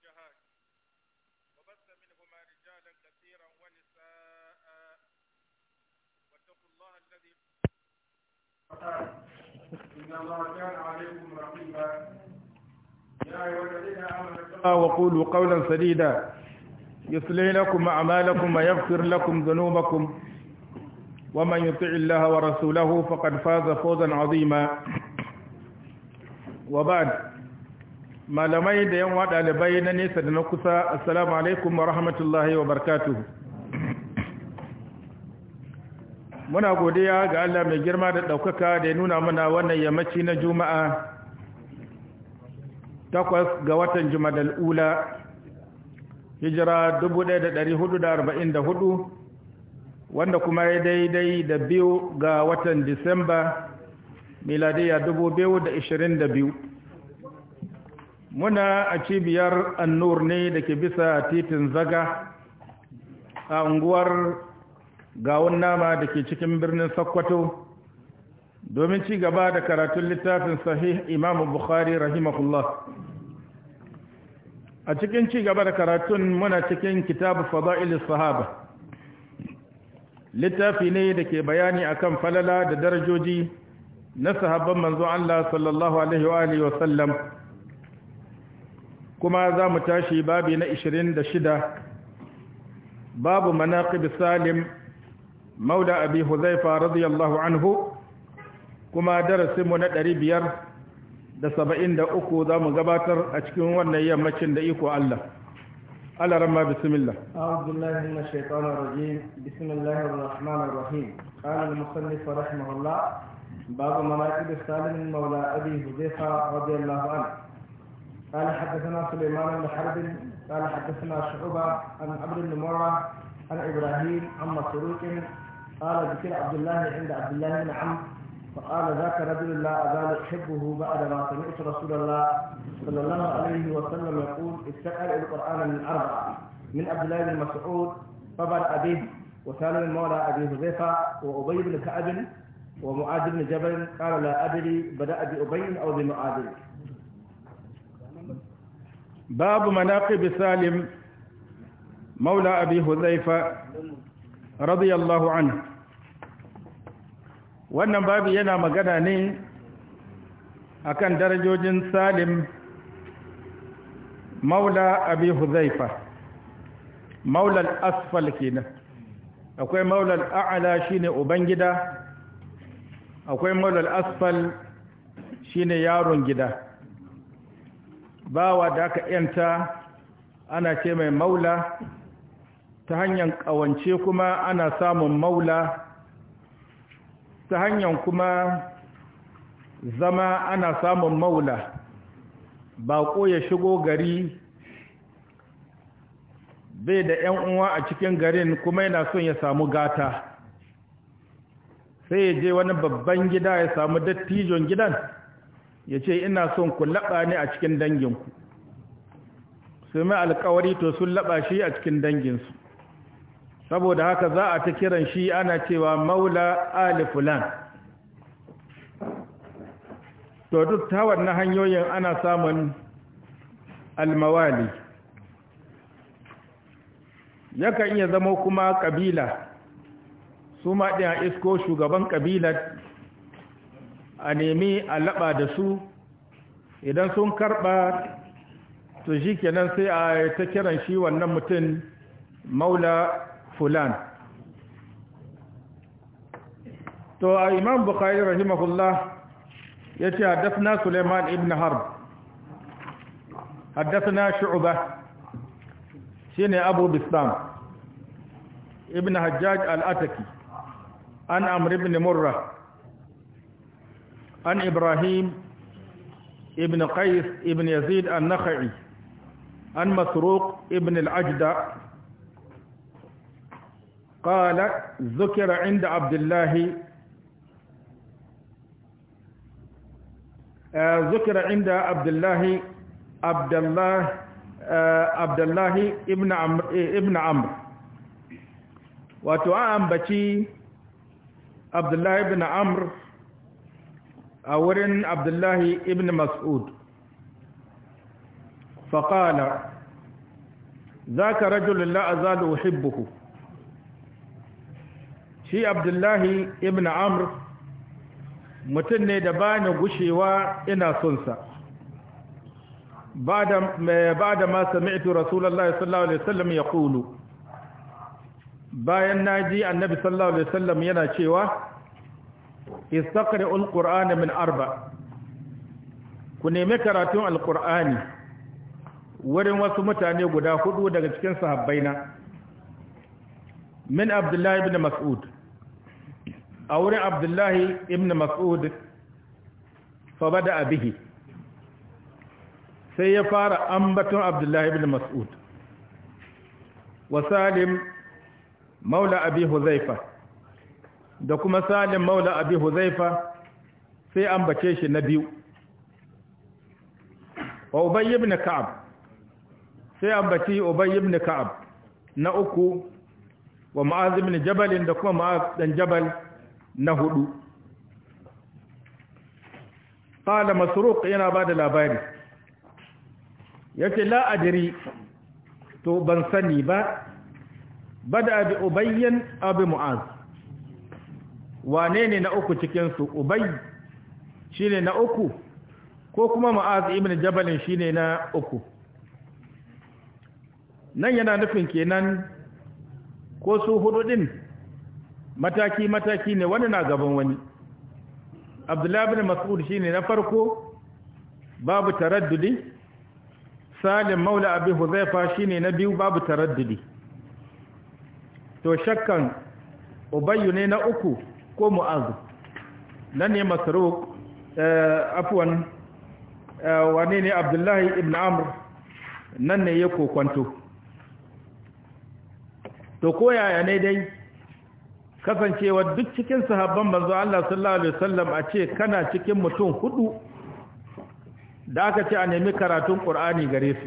الجهاد وبث منهما رجالا كثيرا ونساء واتقوا الله الذي إن الله كان عليكم رقيبا يا أيها الذين آمنوا وقولوا قولا سديدا يصلح لكم أعمالكم ويغفر لكم ذنوبكم ومن يطع الله ورسوله فقد فاز فوزا عظيما وبعد malamai da yan ɗalibai na nesa da na kusa assalamu alaikum wa rahmatullahi wa barkatu. muna godiya ga Allah mai girma da ɗaukaka da ya nuna mana wannan yammaci na juma'a takwas ga watan jumadal ula hijira 1444 wanda kuma ya daidai da biyu ga watan disamba miladiya 2022 muna a cibiyar annur ne da ke bisa titin zaga a unguwar gawun nama da ke cikin birnin sokoto domin ci gaba da karatun littafin sahih imamu bukhari rahimahullah a cikin ci gaba da karatun muna cikin kitabu fada'il sahaba littafi ne da ke bayani akan falala da darajoji na sahabban manzo Allah sallallahu alaihi wa sallam kuma za mu tashi babi na 26 babu manaqib salim maula abi huzaifa radiyallahu anhu kuma darasinmu na 573 za mu gabatar a cikin wannan yammacin da iko Allah على رمى بسم الله أعوذ بالله من الشيطان الرجيم بسم الله الرحمن الرحيم قال المصنف رحمه الله باب مناقب السالم مولى أبي قال حدثنا سليمان بن حرب قال حدثنا شعبة عن عبد بن مرة عن إبراهيم عن مسروق قال ذكر عبد الله عند عبد الله بن عم فقال ذاك رجل لا أزال أحبه بعد ما سمعت رسول الله صلى الله عليه وسلم يقول استقرأ القرآن من أربعة من عبد الله بن مسعود فبر أبيه وسالم مولى أبي حذيفة وأبي بن كعب ومعاذ بن جبل قال لا أدري بدأ بأبي أو بمعاذ باب مناقب سالم مولى أبي حذيفة رضي الله عنه wannan babu yana magana ne akan darajojin salim maula abi huzaifa maula al-asfal kenan akwai maula al-a'la shine ubangida akwai maula al-asfal shine yaron gida bawa da aka yanta ana ce mai maula ta hanyar ƙawance kuma ana samun maula ta hanyar kuma zama ana samun maula baƙo ya shigo gari bai da 'yan uwa a cikin garin kuma yana son ya samu gata sai ya je wani babban gida ya samu dattijon gidan ya ce ina son ku laɓa ni a cikin danginku su mai alkawari to sun laɓa shi a cikin danginsu saboda haka za a ta kiran shi ana cewa maula ali to duk ta wannan hanyoyin ana samun almawali yakan iya zama kuma ƙabila su ma ɗin a isko shugaban ƙabilar a nemi a laɓa da su idan sun karɓa to shi kenan sai a ta kiran shi wannan mutum maula fulan to a imam bukhari rahimahullah ya ce haddafna suleiman ibn harb na shu'uba shi ne abu bislam ibn hajjaj al'ataki an amri ibn murra عن إبراهيم ابن قيس ابن يزيد النخعي عن مسروق ابن العجدة قال ذكر عند عبد الله آه، ذكر عند عبد الله عبد الله آه، عبد الله ابن عمرو آه، ابن عمرو wato بشي عبد الله ابن amr a wurin abdullahi ibn mas'ud faƙala za ka rajulun la'aza da uhibbuhu shi abdullahi ibn amr mutum ne da bani gushewa ina sonsa ba da ma sami'tu rasulallah sallallahu alaihi wasallam ya kulu bayan na ji annabi sallallahu alaihi wasallam yana cewa istaqri'ul qur'ana min arba ku nemi karatun Alkur'ani wurin wasu mutane guda hudu daga cikin sahabbaina min abdullahi ibn mas'ud a wurin abdullahi ibn mas'ud fa bada bihi sai ya fara ambaton abdullahi ibn mas'ud wa salim maula abi huzaifa da kuma salim maula abi huzaifa sai an bace shi na biyu wa ubay ibn ka'ab sai an bace ubay ibn ka'ab na uku wa mu'az ibn jabal da kuma mu'az dan jabal na hudu qala masruq yana bada labari yace la adri to ban sani ba bada bi ubayyan abi mu'az wane ne na uku cikinsu ubai shi ne na uku ko kuma Ma'azi ibn jabalin shi ne na uku nan yana nufin kenan ko su hudu din mataki-mataki ne wani na gaban wani abdullahi mas'ud shi ne na farko babu taraddudi salim maula abin huzaifa shi ne na biyu babu taraddudi to shakkan ubayyu ne na uku ko mu'azu nan ne masaruk eh, afwan eh, wa ne abdullahi ibn amr nan ne ya kokwanto to koyaya ne dai kasancewa duk cikin sahabban manzo Allah sallallahu alaihi wasallam a ce kana cikin mutum hudu da aka ce a nemi karatun Qur'ani gare su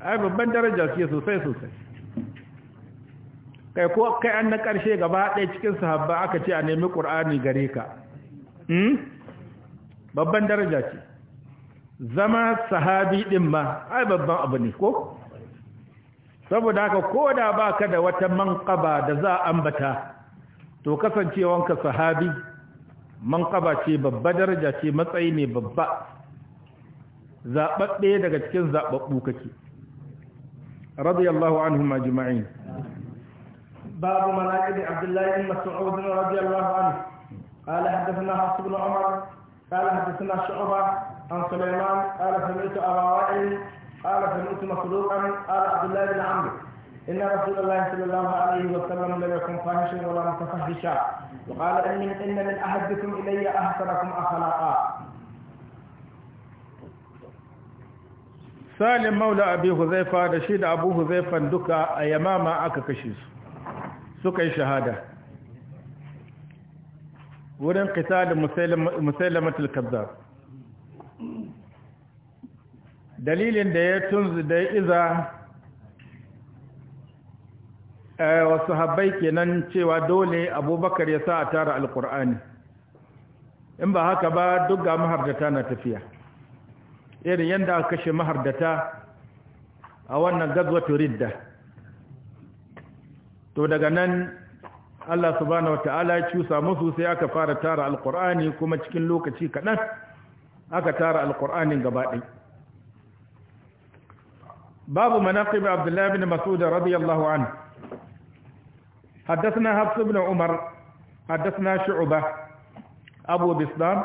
ai babban daraja ce sosai sosai kai ko kai an na karshe gaba ɗaya cikin sahabba aka ce a nemi ƙur'ani gare ka hmm? babban daraja ce zama sahabi ɗin ma ai babban abu ne ko saboda haka ko da ba ka da wata manƙaba da za a ambata to kasancewanka sahabi manƙaba ce babba daraja ce matsayi ne babba zaɓaɓɓe daga cikin zaɓaɓɓu kake radiyallahu anhu majma'in باب مناقب عبد الله بن مسعود رضي الله عنه قال حدثنا حفص بن عمر قال حدثنا شعبة عن سليمان قال سمعت أبا وائل قال سمعت مخلوقا قال عبد الله بن عمرو إن رسول الله صلى الله عليه وسلم لم يكن فاحشا ولا متفحشا وقال إن من إن من أحدكم إلي أحسنكم أخلاقا سالم مولى أبي حذيفة رشيد أبو حذيفة دكا يماما أكا كشيسو suka yi shahada wurin kisa da musailamatul kazzab dalilin da ya tunzu da ya iza eh, wasu habbai kenan cewa dole abubakar ya sa a tara alkur'ani in ba haka ba duk ga mahardata na tafiya irin yadda aka kashe mahardata a wannan gazwatu ridda to daga nan Allah subhanahu wata'ala ya cusa musu sai aka fara tara alkur'ani kuma cikin lokaci kaɗan aka tara alkur'ani gaba ɗaya babu manaqib abdullahi bin mas'ud radiyallahu anhu حدثنا umar بن عمر حدثنا شعبة أبو بسلام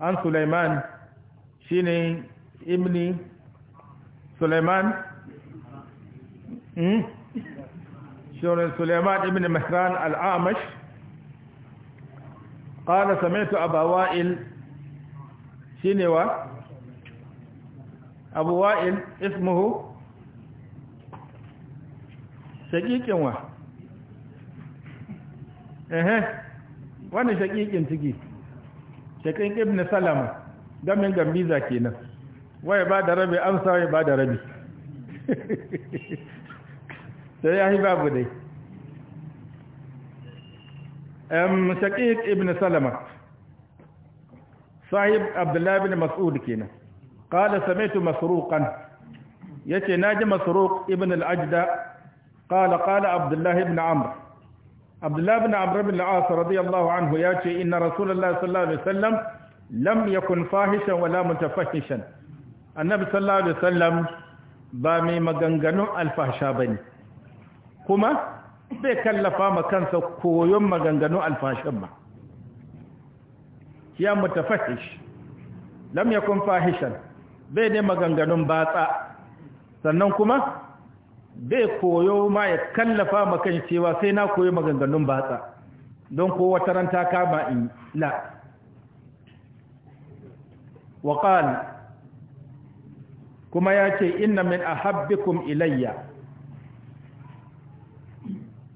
عن سليمان شيني ابن سليمان شون سليمان ابن مهران العامش قال سمعت أبا وائل شنو أبو وائل اسمه شقيقين وا اها وانا شقيقين تجي شقيق ابن سلمة دمين جنبيزا كينا ويبادر ربي أمسى ويبادر ربي sai ya yi babu dai shaƙiƙ ibn salama sahib abdullahi Ibn mas'ud kenan qala sami'tu masruqan yace naji masruq ibn al-ajda qala qala abdullahi ibn amr abdullahi ibn amr ibn al-as radiyallahu anhu yace inna rasulullahi sallallahu alaihi wasallam lam yakun fahishan wala mutafahishan annabi sallallahu alaihi wasallam ba mai maganganun alfahsha bane kuma bai kallafa ma kansa koyon maganganu alfashin ba ya mutu fahish lam kun fahishan bai ne maganganun batsa sannan kuma bai koyo ma ya kallafa ma kan cewa sai na koyi maganganun batsa don ko wata ran ta kama in la wa ya ya ce inna min ahabbikum ilayya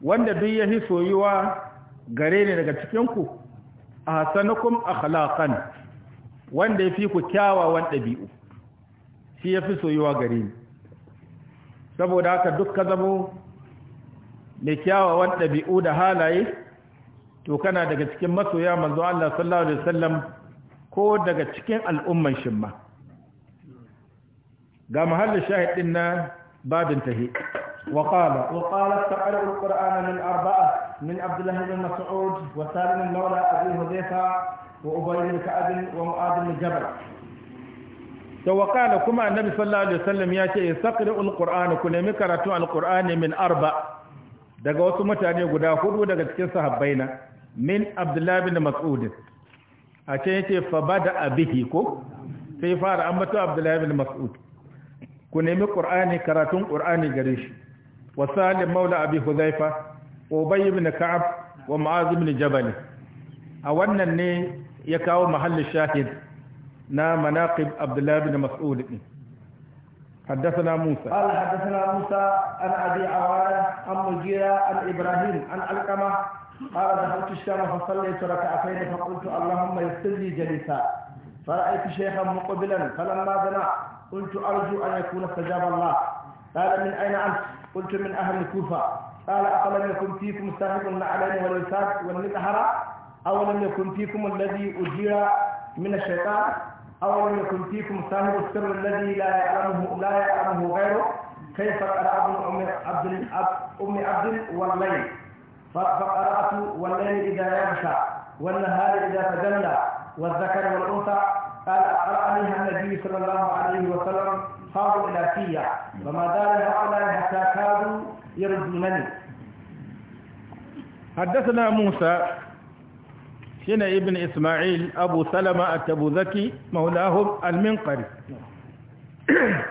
wanda duk ya fi soyuwa gare ne daga cikinku a hasanukum akhlaqan wanda ya fi ku kyawawan ɗabi'u shi ya fi soyuwa gare ni saboda haka duk ka zamo mai kyawawan ɗabi'u da halaye to kana daga cikin masoya manzo Allah sallallahu alaihi wasallam ko daga cikin al'umman shimma ga mahallin shahidin na babin tahi وقال وقالت تقرأ القرآن من أربعة من عبد الله بن مسعود وسالم المولى أبي حذيفة وأبي بن كعب ومعاذ بن جبل وقال كما النبي صلى الله عليه وسلم يا شيء استقرئ القرآن كن مكرت القرآن من أربعة daga wasu mutane guda hudu daga cikin sahabbaina min abdullahi bin mas'ud a ce yake fa bada abihi ko sai fara an mutu abdullahi bin mas'ud ku nemi qur'ani karatun ƙur'ani gare wa salim maula abi huzaifa wa ubay ibn ka'ab wa mu'az ibn jabal a wannan ne ya kawo mahallin shahid na manaqib abdullah ibn mas'ud din حدثنا موسى قال حدثنا موسى عن ابي عوانه عن مجيره عن ابراهيم عن القمه قال دخلت الشام فصليت ركعتين فقلت اللهم يسر لي جليسا فرايت شيخا مقبلا فلما دنا قلت ارجو ان يكون استجاب الله قال من اين انت قلت من أهل الكوفة قال أولم يكن فيكم صاحب النعلان والوساد والمزهرة أو لم يكن فيكم الذي أجير من الشيطان أو لم يكن فيكم صاحب السر الذي لا يعلمه لا يعلمه غيره كيف قرأ ابن أم عبد أم عبد والليل فقرأت والليل إذا يغشى والنهار إذا تجلى والذكر والأنثى قال قرأنيها النبي صلى الله عليه وسلم صاروا إلى فيا وما زال على حتى كادوا يردونني حدثنا موسى هنا ابن إسماعيل أبو سلمة أبو ذكي مولاهم المنقري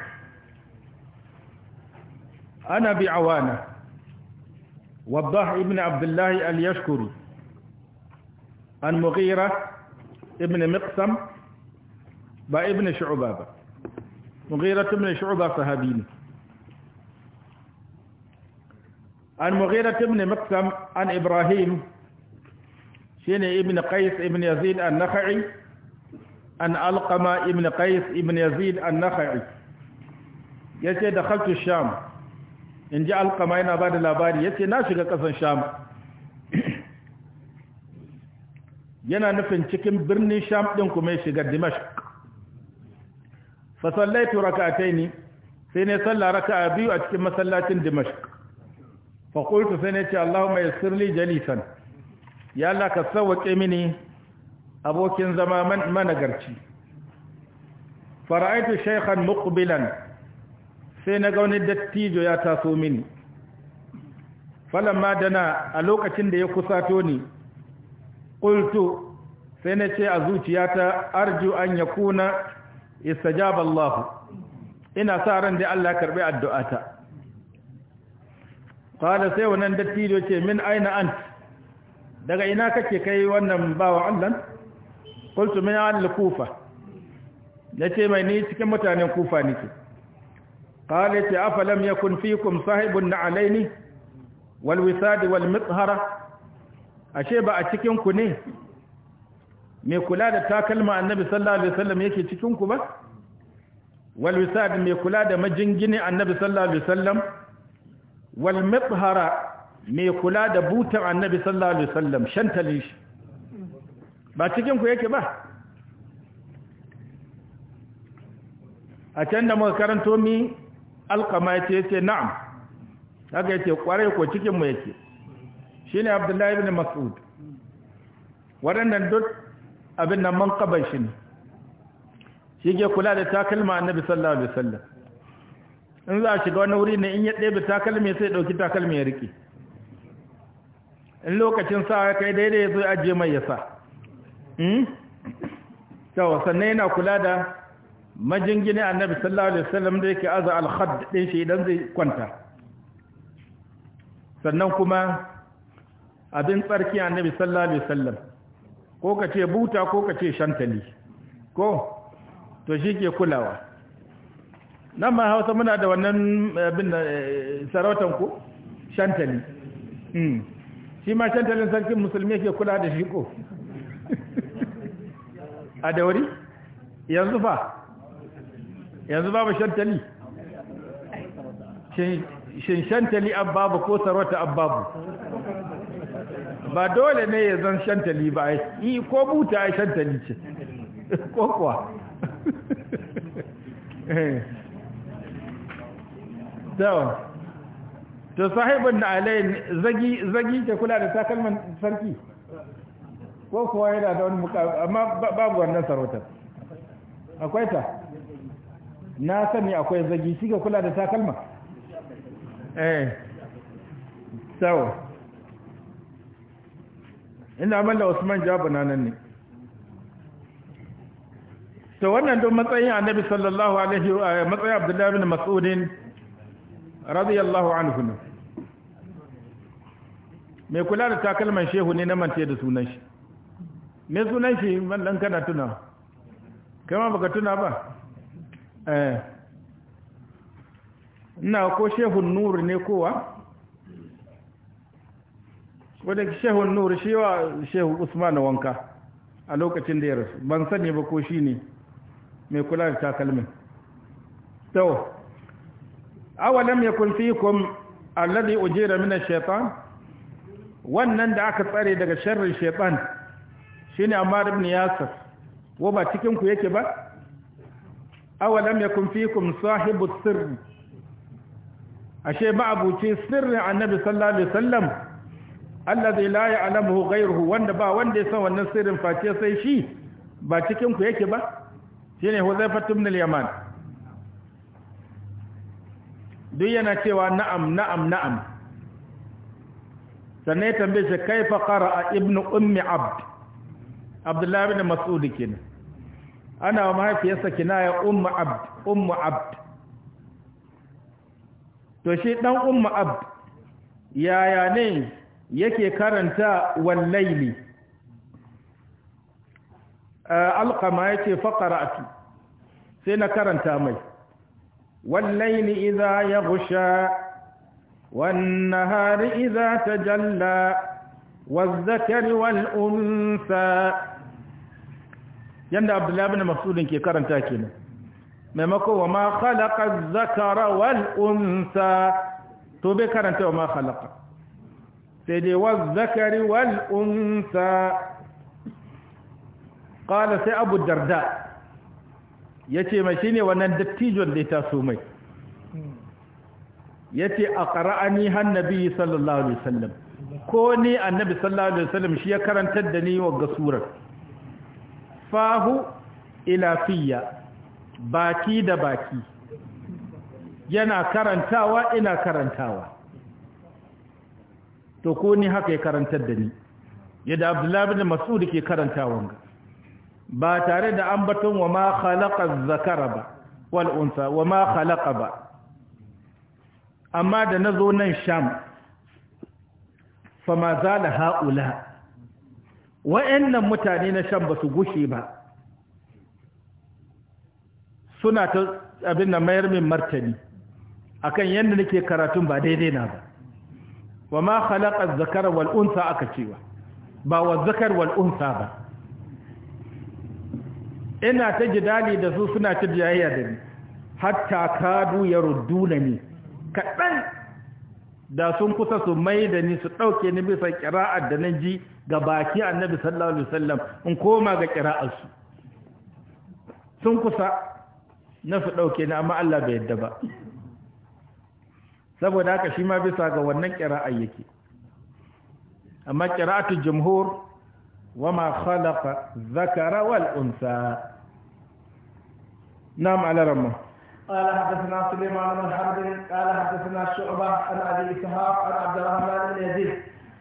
أنا بعوانة وضح ابن عبد الله اليشكري المغيرة ابن مقسم بابن شعبابة mughira ibn shu'ba sahabi ne an mughira ibn maksam an ibrahim shine ibn qais ibn yazid an-nakhai an alqama ibn qais ibn yazid an-nakhai yace dakhaltu sham inji alqama yana bada labari yace na shiga kasan sham yana nufin cikin birnin sham din kuma ya shiga dimashq fa sallaitu rak'ataini sai ne salla raka'a biyu a cikin masallacin Dimashq fa qultu sai ne ce Allahumma yassir li jalisan ya Allah ka sauke mini abokin zama managarci fara'aitu shaykhan muqbilan sai na ga wani dattijo ya taso mini falamma dana a lokacin da ya kusato ni qultu sai na ce a zuciyata arju an yakuna istajaba Allah ina sa ran da Allah karbi addu'ata qala sai wannan dattijo ce min aina ant daga ina kake kai wannan bawa Allah qultu min al-kufa nace mai ni cikin mutanen kufa nake qala ta afalam yakun fikum sahibun alaini wal wisad wal mithara ashe ba a cikin ku ne mai kula da takalma annabi sallallahu alaihi wasallam yake cikin ku ba wal wisad mai kula da majingine annabi sallallahu alaihi wasallam wal mithara mai kula da butan annabi sallallahu alaihi wasallam shantali shi ba cikin ku yake ba a can da muka karanto ya ce ya ce na'am haka ce kware ko cikinmu ya mu Shi ne abdullahi ibn mas'ud waɗannan duk abin nan kaban shi ne shi ke kula da takalma annabi sallallahu alaihi wasallam in za a shiga wani wuri ne in ya ɗebe takalmi sai ɗauki takalmi ya riƙe in lokacin sa kai daidai ya zo ya ajiye mai ya sa hmm? yawa sannan yana kula da majingini annabi sallallahu alaihi wasallam da yake aza alhad ɗin shi idan zai kwanta sannan kuma abin tsarki annabi sallallahu alaihi wasallam ko ka ce buta ko ka ce shantali ko to shi ke kulawa nan ma hausa muna da wannan eh, da eh, sarautan ku shantali hmm. shi ma shantalin sarkin musulmi ke kula da shi ko a wuri yanzu ba yanzu babu shantali shin shantali ababu ko sarauta ababu ba dole ne ya zan shantali ba yi ko buta ya shantali ce ko kuwa eh. to sahibin da alayin zagi ke kula da takalman sarki ko kuwa yana da wani muka amma babu wannan sarautar akwai ta na sani akwai zagi shi kula da takalma eh sau inda malla usman jabu na nan ne to wannan don matsayin annabi sallallahu alaihi wa eh, matsayin abdullahi bin mas'ud radiyallahu anhu me kula da takalman shehu ne na mance da sunan shi me sunan shi dan kana tuna kama baka tuna ba eh ina ko shehun nur ne kowa wadda shehu nur shi wa shehu usman wanka a lokacin da ya rasu ban sani ba ko shi ne mai kula da takalmin to awalam yakun fikum alladhi ujira min ash-shaytan wannan da aka tsare daga sharrin shaytan shine amar ibn Yasir wa ba cikin ku yake ba awalam yakun fikum sahibu sirr ashe ba abuci sirri annabi sallallahu alaihi wasallam allazi la ya'lamuhu ghayruhu wanda ba wanda ya san wannan sirrin face sai shi ba cikin ku yake ba shine huzaifa ibn al-Yaman duk yana cewa na'am na'am na'am sannan ya tambaye shi kaifa qara'a ibnu ummi abd Abdullahi ibn Mas'ud kina ana wa mahaifiyarsa kinaya ummu abd ummu abd to shi dan ummu abd yaya ne yake karanta wallaili alqama yace faqara'tu sai na karanta mai wallaili idza yaghsha wan nahari idza tajalla wadh-dhakari wal-untha yanda abdullahi ibn mas'ud ke karanta kenan maimako wa ma khalaqa adh-dhakara wal-untha to bai karanta wa ma khalaqa sai dai wal zakari wal unsa qala sai abu darda Ya yace mai ne wannan dattijon da ya taso mai yace aqra'ani han Hannabi sallallahu alaihi sallam. ko ni annabi sallallahu alaihi sallam shi ya karantar da ni wa surar fahu Ilafiya baki da baki yana karantawa ina karantawa to ko ni haka ya karantar da ni yadda abdullahi bin mas'ud ke karanta wanga ba tare da ambaton wa ma khalaqa zakara ba wal unsa wa ma khalaqa ba amma da nazo nan sham fa ma zala haula wa'annan mutane na sham basu su gushe ba suna ta abin da mayar min martani akan yadda nake karatun ba daidai na ba wa ma khalaqa zakara wal unsa aka cewa ba wa zakar wal unsa ba ina ta jidali da su suna ta jayayya da ni hatta kadu ya rudduna ni kaɗan da sun kusa su mai da ni su ɗauke ni bisa kira'ar da na ji ga baki annabi sallallahu alaihi wasallam in koma ga su sun kusa na su ɗauke ni amma Allah bai yadda ba saboda haka shi ma bisa ga wannan kira'a yake amma qira'atul jumhur ma khalaqa dhakara wal unsa nam ala ramma قال حدثنا سليمان بن حرب قال حدثنا شعبة عن أبي إسحاق عن عبد الرحمن بن يزيد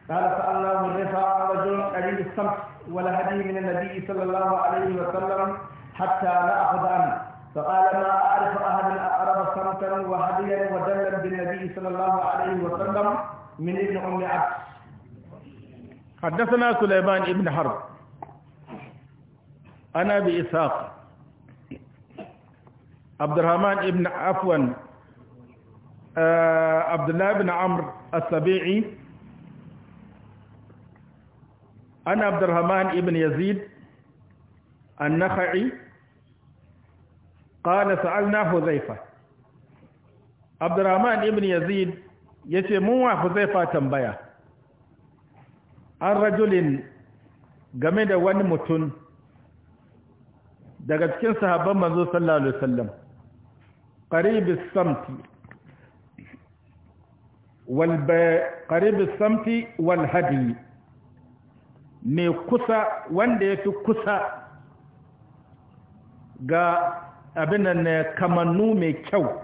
قال سألناه الرفاع رجل قليل الصمت ولا من النبي صلى الله عليه وسلم حتى لا أخذ عنه فقال ما أعرف احد اعرض صمتا وهديا ودلا بالنبي صلى الله عليه وسلم من ابن أم عبد حدثنا سليمان ابن حرب أنا بإسحاق عبد الرحمن ابن عفوا آه عبد الله بن عمرو السبيعي أنا عبد الرحمن ابن يزيد النخعي qala sa'alna huzaifa abdurrahman ibn yazid ya ce mun wa huzaifa tambaya an rajulin game da wani mutum daga cikin sahabban manzo sallallahu alaihi wasallam qaribis samti wal qaribis samti wal hadi mai kusa wanda yafi kusa ga abin ne eh, kamannu mai kyau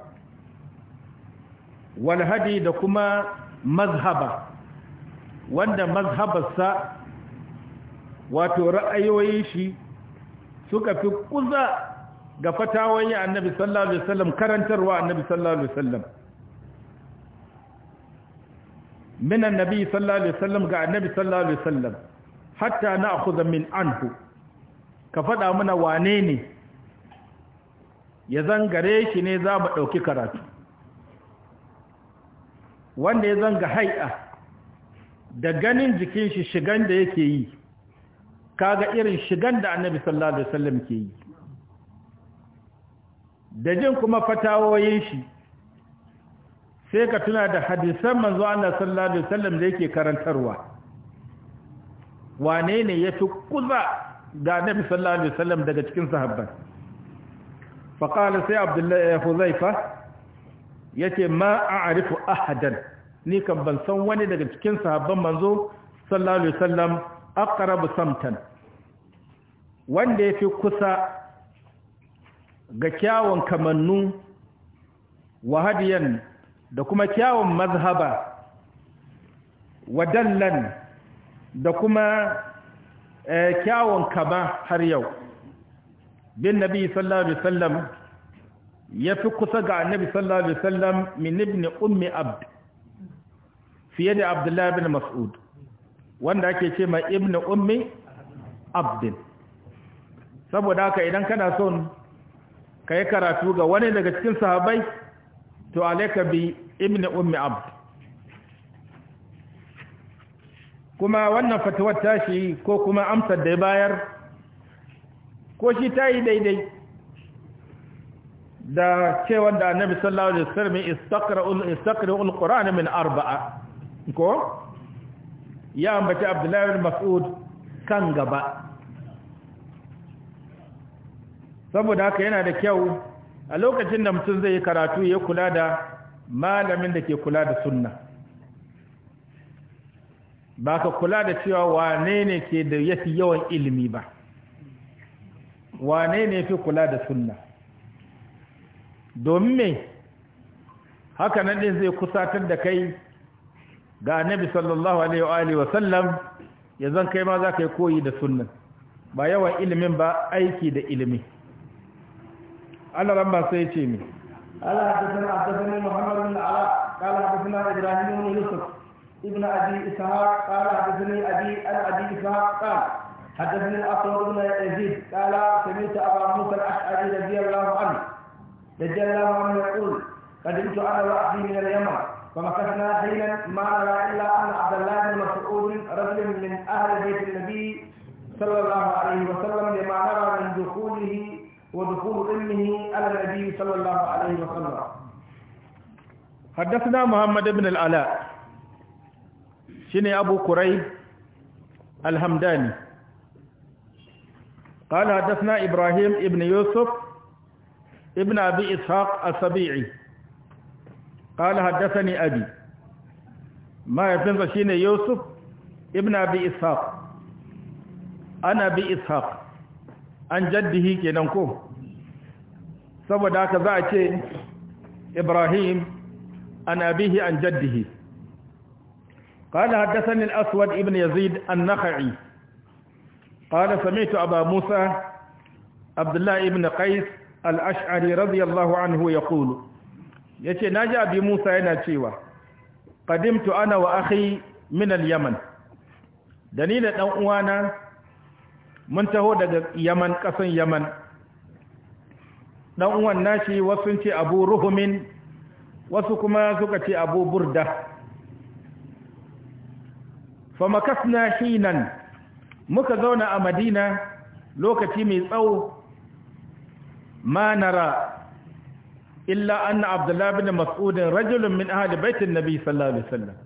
walhadi da kuma mazhaba wanda mazhabarsa wato ra'ayoyi shi suka fi kuza ga fatawoyin annabi sallallahu alaihi wasallam karantarwa annabi sallallahu alaihi wasallam min annabi sallallahu alaihi wasallam ga annabi sallallahu alaihi wasallam hatta na'khudha min anhu ka fada mana wane ne ya zanga shi ne za mu ɗauki karatu wanda ya zanga hai'a da ganin jikin shi shigan da yake yi kaga irin shigan da annabi sallallahu alaihi wasallam ke yi da jin kuma fatawoyin shi sai ka tuna da hadisan manzo Allah sallallahu alaihi wasallam da yake karantarwa wane ne yafi kuza ga annabi sallallahu alaihi wasallam daga cikin sahabbai faƙala sai abdullahi huzaifa ya ce ma a arifu ahadan ni kan ban san wani daga cikin sahabban manzo sallallahu alaihi wasallam aqrabu samtan wanda yafi kusa ga kyawun kamannu wahadiyan da kuma kyawun mazhaba wadallan da kuma kyawun kama har yau bin nabi sallallahu alaihi wasallam ya fi kusa ga annabi sallallahu alaihi wasallam min ibn ummi abd fiye da abdullahi bin mas'ud wanda ake ce ma ibn ummi abdin saboda haka idan kana son ka yi karatu ga wani daga cikin sahabai to alaika bi ibn ummi abd kuma wannan fatawar tashi ko kuma amsar da ya bayar ko shi ta yi daidai da cewar da annabi sallallahu alaihi wasallam istaqra'ul ul qur'ana min arba'a ko ya ambaci abdullahi bin mas'ud kan gaba saboda haka yana da kyau a lokacin da mutum zai yi karatu ya kula da malamin da ke kula da sunna ba ka kula da cewa wane ne ke da yafi yawan ilimi ba wane ne fi kula da sunna domin me haka nan din zai kusatar da kai ga annabi sallallahu alaihi wa sallam ya zan kai ma za ka yi koyi da sunna ba yawan ilimin ba aiki da ilimi Allah ramba sai ce mi Allah haddathana haddathana Muhammad bin Ala qala haddathana Ibrahim Yusuf ibn Abi Ishaq qala haddathani Abi al-Abi Ishaq qala حدثني الأسود بن يزيد قال سمعت أبا موسى الأشعري رضي الله عنه رضي الله عنه يقول قدمت أنا وأخي من اليمن فمكثنا حينا ما نرى إلا أن عبد الله بن مسعود رجل من أهل بيت النبي صلى الله عليه وسلم لما نرى من دخوله ودخول أمه على النبي صلى الله عليه وسلم حدثنا محمد بن العلاء شنو أبو كريب الهمداني قال حدثنا إبراهيم ابن يوسف ابن أبي إسحاق السبيعي قال حدثني أبي ما يفنز شين يوسف ابن أبي إسحاق أنا أبي إسحاق عن جده كننكو سوى ذاك ذاك إبراهيم عن أبيه عن جده قال حدثني الأسود ابن يزيد النخعي قال سمعت أبا موسى عبد الله بن قيس الأشعري رضي الله عنه يقول يتي ناجى أبي موسى هنا شيوا قدمت أنا وأخي من اليمن دليل أوانا mun taho daga yaman ƙasan yaman ɗan uwan nashi wasu ce abu ruhumin wasu kuma suka ce abu burda famakasna hinan muka zauna a madina lokaci mai tsawo ma nara illa anna abdullahi bin mas'udin rajulun min ahli baitin nabi sallallahu alaihi wasallam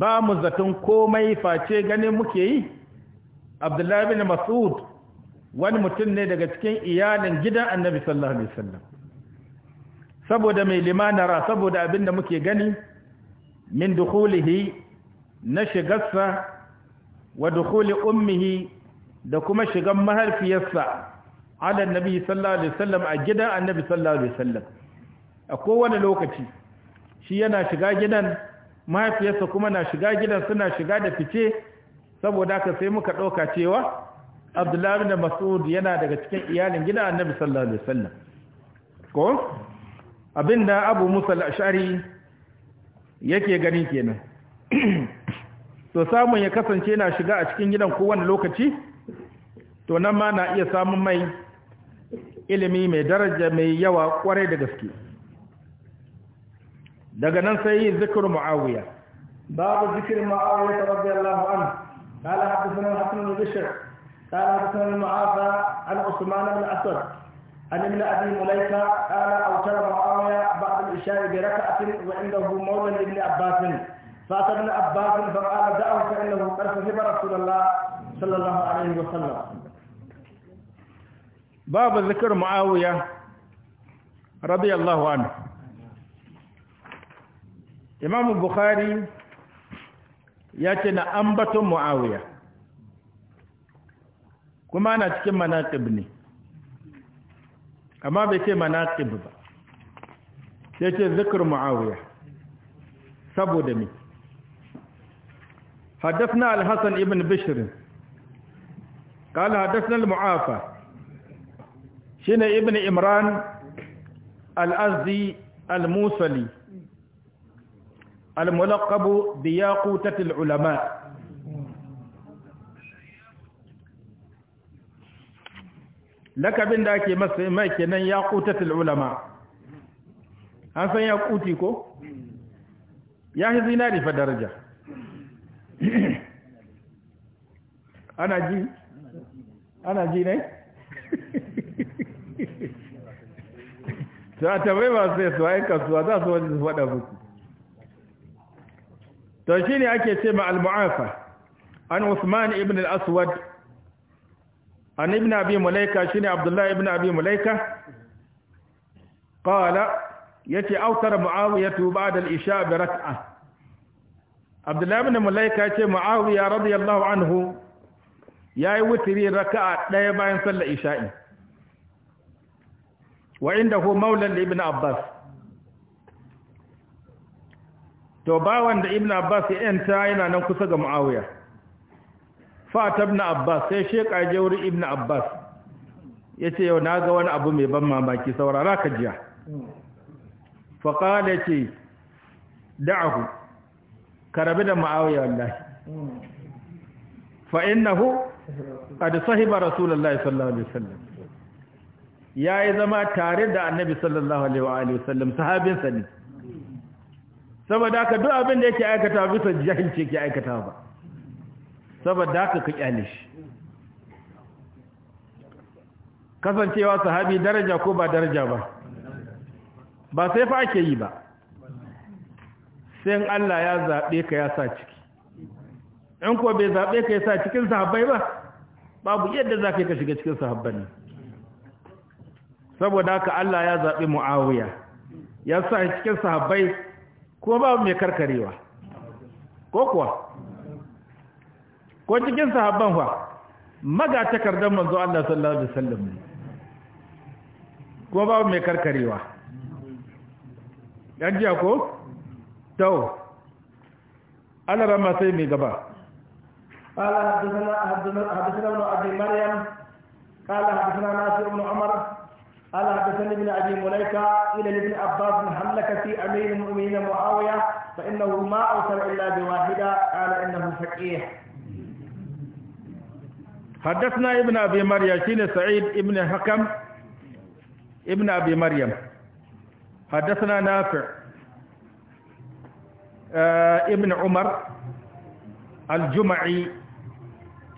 ba mu zaton komai face ganin muke yi abdullahi bin mas'ud wani mutum ne daga cikin iyalin gidan annabi sallallahu alaihi wasallam saboda mai limanara saboda abinda muke gani min dukhulihi na shigarsa wa dukhuli ummihi da kuma shigan mahaifiyarsa ala nabi sallallahu alaihi wasallam a gidan annabi sallallahu alaihi wasallam a kowane lokaci shi yana shiga gidan mahaifiyarsa kuma na shiga gidan suna shiga da fice saboda haka sai muka dauka cewa Abdullahi bin Mas'ud yana daga cikin iyalin gidan annabi sallallahu alaihi wasallam ko abinda Abu Musa al-Ash'ari yake gani kenan to samun ya kasance na shiga a cikin gidan kowane lokaci to nan ma na iya samun mai ilimi mai daraja mai yawa kwarai da gaske daga nan sai yi zikir mu'awiya babu zikir mu'awiya ta rabbi Allahu an qala hadathana hasan bin bishr qala hadathana mu'afa an usman bin asad an ibn abi mulaika qala awtara mu'awiya ba'd al-isha bi raka'atin wa indahu ne a abbas فأتى ابن عباس فقال دعه فإنه قد فهم رسول الله صلى الله عليه وسلم باب ذكر معاويه رضي الله عنه امام البخاري يأتينا انبت معاويه كما نتكلم مناقبني أما بيتي مناقب ba sai ce zikir ma'awiya saboda حدثنا الحسن ابن بشر قال حدثنا المعافى شنا ابن إمران الأزدي الموصلي الملقب بياقوتة العلماء لك بن ذاك مسلم ما كنا ياقوتة العلماء هل سيأقوتيكو يا هذي نعرف درجه ana ji ana ji ne ta tabai ba sai su aika su za su wani su faɗa muku to shi ne ake ce ma al-mu'afa an usman ibn al-aswad an ibn abi mulaika shine abdullahi ibn abi mulaika qala yace autar muawiyatu ba'da al-isha bi rak'ah abdullahi ibn malaika ce muawiya radiyallahu anhu yayi wutiri raka'a daya bayan sallar isha'i wa indahu maulan ibn abbas to bawan da ibn abbas ya yanta yana nan kusa ga muawiya fat ibn abbas sai sheka je ibn abbas yace yau na ga wani abu mai ban mamaki saurara ka jiya faqala ce da'ahu ka rabu da ma'awiyar wallahi fa a da sahiba rasulallah sallallahu alaihi wasallam yi zama tare da annabi sallallahu alaihi wasallam sahabin sani ne saboda ka duk abin da yake aikata bisa jahilci yake aikata ba saboda ka ka kyale shi kasancewa sahabi daraja ko ba daraja ba ba sai fa ake yi ba sai in Allah ya zaɓe ka ya sa ciki in ko bai zaɓe ka ya sa cikin sahabbai ba babu yadda za ka yi ka shiga cikin sahabban saboda haka Allah ya zaɓe mu'awiya ya sa cikin sahabbai kuma babu mai karkarewa ko kuwa ko cikin sahabban fa maga takardar manzo Allah sallallahu alaihi wasallam kuma babu mai karkarewa yan jiya ko تو أنا رمى سيمي غبا قال حدثنا حدثنا ابن أبي مريم قال حدثنا ناس بن عمر قال حدثني ابن ابي مليكه الى ابن عباس بن حملك في امير المؤمنين معاويه فانه ما اوصل الا بواحده قال انه فقيه حدثنا ابن ابي مريم شين سعيد ابن حكم ابن ابي مريم حدثنا نافع ابن عمر الجمعي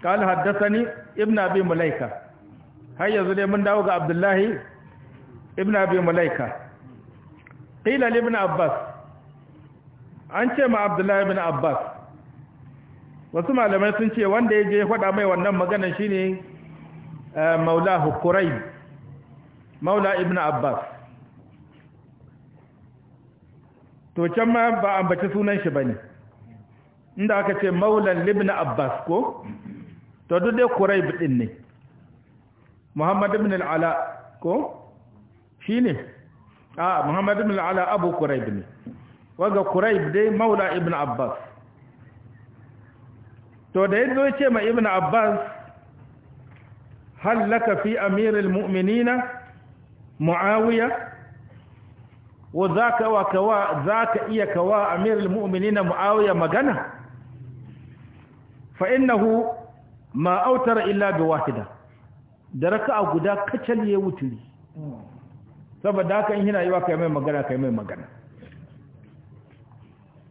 قال حدثني ابن أبي مليكة هيا زلي من داوغ عبد الله ابن أبي مليكة قيل لابن عباس أنت مع عبد الله ابن عباس wasu malamai sun ce wanda ya je faɗa mai wannan magana shine مولاه kurai مولا ابن abbas to can ma ba ambaci sunan shi bane inda aka ce maulan libna abbas ko to duk dai quraib din ne muhammad ibn al-ala ko shine a muhammad ibn al-ala abu quraib ne waga quraib dai maula ibn abbas to da yazo ya ce ma ibn abbas hal laka fi amiril mu'minina muawiya wa zaka wa kawa zaka iya kawa amirul muminina muawiya magana fa innahu ma autara illa bi wahida da raka'a guda kacal ya wuturi saboda haka in yana wa kai mai magana kai mai magana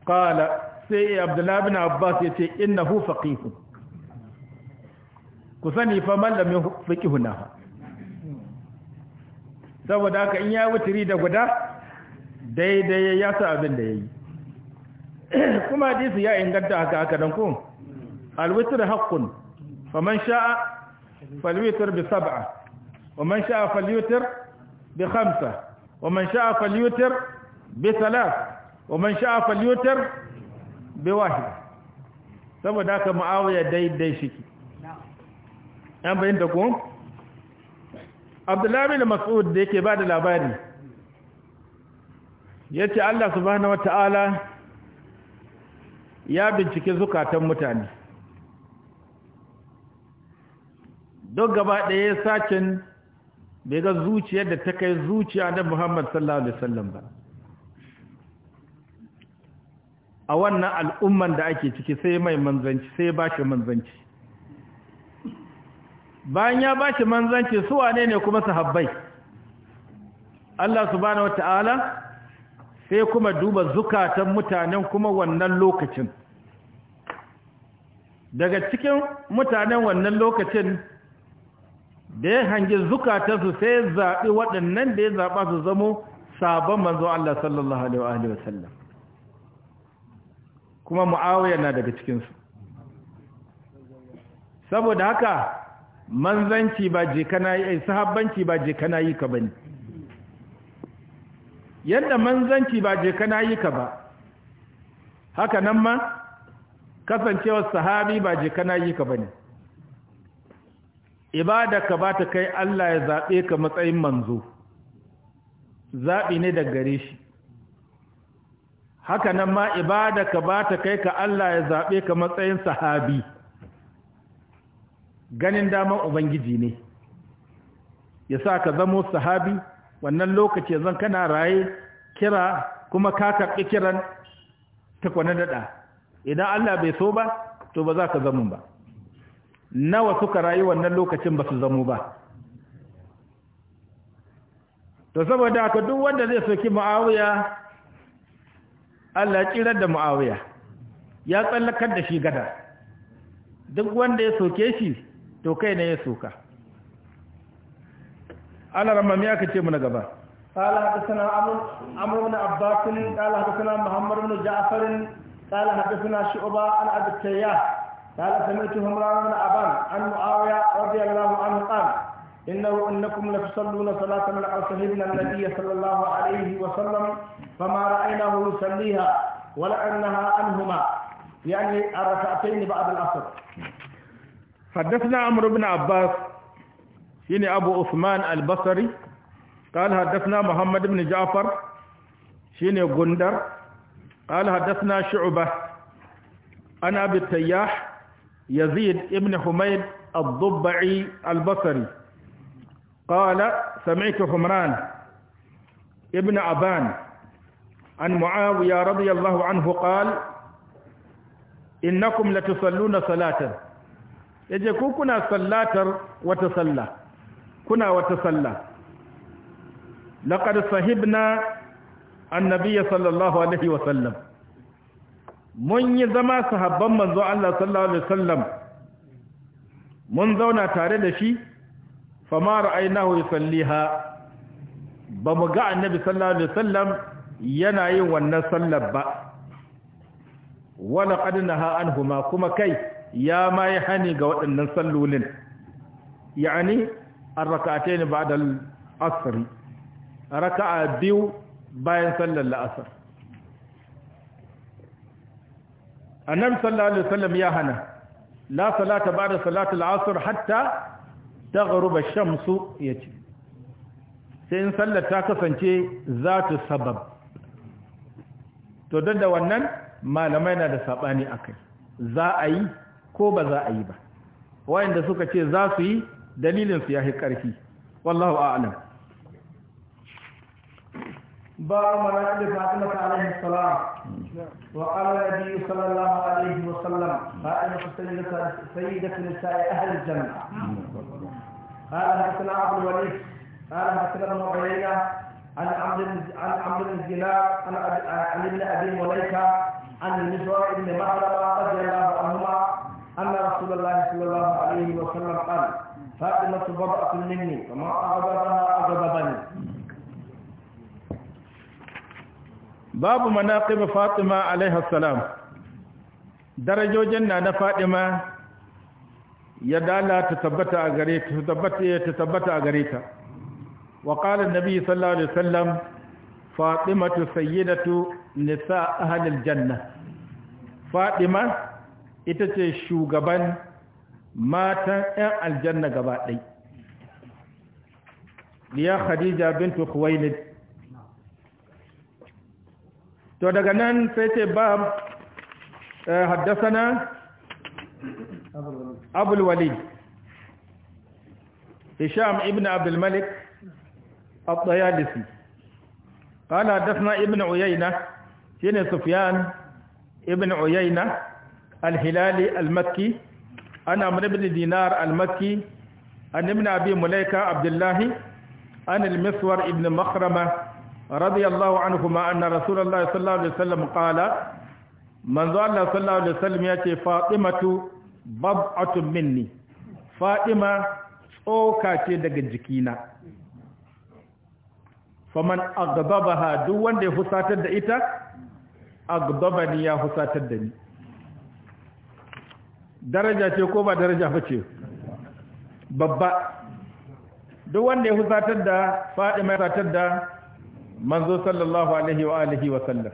qala sai abdullahi bin abbas yace innahu faqih ku sani fa mallamin fiqihuna saboda haka in ya wuturi da guda daidai ya sa abin da ya yi kuma hadisi ya inganta haka haka don ku alwitar haƙƙun faman sha'a falwitar bi saba'a sha'a falwitar bi hamsa فليوتر sha'a falwitar bi فليوتر بثلاث sha'a falwitar bi بواحد saboda haka ya daidai shiki an da ku abdullahi da masu'ud da yake ba da labari ya ce Allah subhanahu wata'ala ya bincike zukatan mutane duk gaba ɗaya sacin bai ga zuciyar da ta kai zuciya na Muhammad sallallahu Alaihi wasallam ba a wannan al'umman da ake ciki sai mai manzanci sai ba shi manzanci bayan ya ba shi manzanci su ne ne kuma sahabbai Allah subhanahu wata'ala sai kuma duba zukatan mutanen kuma wannan lokacin daga cikin mutanen wannan lokacin da ya hangi zukatansu sai ya zaɓi waɗannan da ya zaɓa su zamo sabon manzo Allah sallallahu Alaihi wasallam kuma mu'awiyar na daga cikinsu saboda haka manzanci ba je kana yi sahabbanci ba je kana yi ka bane yadda manzanci ba je kana yi ka ba haka nan ma kasancewar sahabi ba je kana yi ka ba ne ibada ka ba ta kai Allah ya zaɓe ka matsayin manzo zaɓi ne da gare shi haka nan ma ibada ka ba ta kai ka Allah ya zaɓe ka matsayin sahabi ganin damar Ubangiji ne ya sa ka zamo sahabi wannan lokaci zan kana raye kira kuma ka karbi kiran tukwane daɗa idan Allah bai so ba to ba za ka zamu ba nawa suka rayu wannan lokacin ba su zamu ba to saboda haka duk wanda zai soki mu'awiya Allah ya da mu'awiya ya tsallakar da shi gada duk wanda ya soke shi to kai ne ya soka على ramma me aka ce mu قال حدثنا عمرو عمرو بن عباس قال حدثنا محمد بن جعفر قال حدثنا شعبة عن أبي التياح قال سمعت همران بن ابان عن معاوية رضي الله عنه قال إنه إنكم لتصلون صلاة من أوسهلنا النبي صلى الله عليه وسلم فما رأيناه يصليها ولا انها عنهما يعني الركعتين بعد العصر حدثنا عمرو بن عباس shine Abu Usman al-Basri قال حدثنا محمد بن جعفر شيني غندر قال حدثنا شعبة عن أبي التياح يزيد ابن حميد الضبعي البصري قال سمعت حمران ابن أبان عن معاوية رضي الله عنه قال إنكم لتصلون صلاة يجي كنا صلاتر وتصلى kuna wata sallah laqad sahibna annabiy sallallahu alaihi wa sallam mun yi zama sahabban manzo Allah sallallahu alaihi wa sallam mun zauna tare da shi fama ra'aynahu yusalliha ba mu ga annabi sallallahu alaihi Sallam yana yin wannan sallar ba wala qad naha ma kuma kai ya ma hani ga waɗannan sallolin yani arraka'atai ne ba da asari raka'a biyu bayan sallar la'asar annabi sallallahu alaihi wasallam ya hana la salata ba da salatu la'asar hatta taghruba shamsu yace sai in sallar ta kasance za ta sabab to dan da wannan malamai na da sabani akai za a yi ko ba za a yi ba wayanda suka ce za su yi dalilin su yahi karfi wallahu a'lam باب مناقب فاطمة عليه السلام وقال النبي صلى الله عليه وسلم فاطمة سيدة, سيدة نساء أهل الجنة قال حدثنا عبد الوليد قال حدثنا ابن عيينة عن عبد عن عبد بن عن عن ابن ابي مليكه عن مزرع بن مهرب رضي الله عنهما ان رسول الله صلى الله عليه وسلم قال فاطمة بضعة مني فما أعجبها أعجبني باب مناقب فاطمة عليها السلام درجوجن na Fatima ya dala ta tabbata a gare ta tabbata ta tabbata a gare ta wa qala an-nabi sallallahu alaihi wasallam fatimatu sayyidatu nisa ahli al-janna fatima ita ce shugaban matan 'yan aljanna gaba ɗai liya khadija bintu khuwailid to daga nan sai ce ba eh, haddasana abul walid hisham ibn abdul malik الطيالسي ibn حدثنا ابن عيينة شين سفيان ابن عيينة الهلالي المكي ana manabini dinar al-makki an nimna bi mulaika abdullahi an ibn makhrama radiyallahu anhuma anna rasulallah sallallahu alaihi wasallam qala man dhalla sallallahu alaihi wasallam yace fatimatu bab'atun minni fatima tsokace daga jikina faman agdabaha duk wanda ya husatar da ita agdabani ya husatar da ni daraja ce ko ba daraja ba ce babba duk wanda ya husatar da fadima ya husatar da manzo sallallahu alaihi wa alihi wa sallam